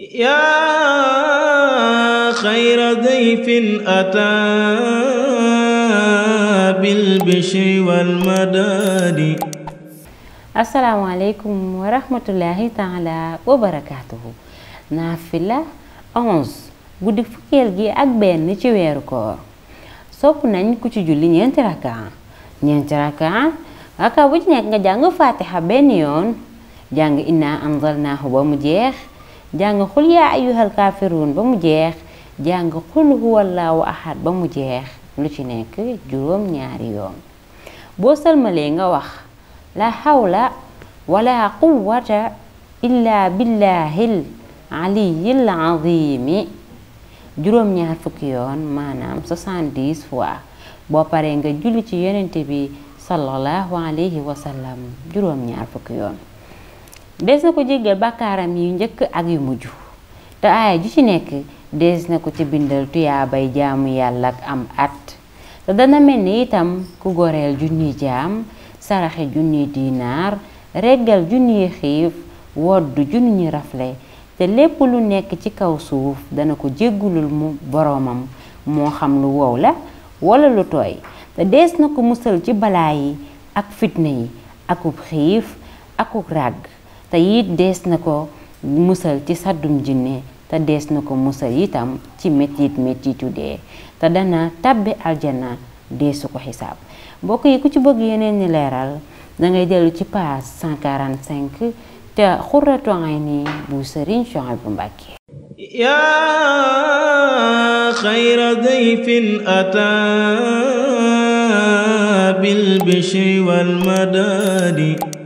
yaa xayra dayfin ataa bil bishri wal madaadi asalaamaaleykum wa rahmatullahi taala wa barakaatuhu naafila onze guddi fukkeel gi ak benn ci weeru koor sopp nañ ku ci julli ñeenti rakaa ñeenti rakaa rakaa bu ci nekk nga jàng faatixa benn yoon jàng inna anzalnaahu ba mu jeex jàng xul yaa ayyuhal kaafiruun ba mu jeex jàng xul huwallaahu ahad ba mu jeex lu ci nekk juróom ñaari yoon boo salmalee nga wax la hawla wala quwwata illa billahil aliyil azimi juróom ñaar fukki yoon maanaam 70 fois boo paree nga julli ci yonente bi sallallahu alayhi wa juróom ñaar fukki yoon des na ko jéggal bàkkaaram yu njëkk ak yu mujj te aaya ju ci nekk des na ko ca bindal tuyaabay jaamu yàlla ak am at te dana mel ni itam ku goreel junni jaam saraxe junni dinaar reggal junni xiif woddu junni rafle te lépp lu nekk ci kaw suuf dana ko jéggulul mu boroomam moo xam lu wow la wala lu tooy te dees na ko musal ci balaa yi ak fitna yi akub xiif akub ràgg te it dees na ko musal ci saddum jinne te dees na ko musal itam ci mettit mettitu dee te dana tàbbi aljana deesu ko xisaab bokk yi ku ci bëgg yeneen ni leeral dangay dellu ci page 145 te xurratu ayni bu sëriñ Souhaïbou Mbacké yaa xayra dayfin ataa bil bishri wal madadi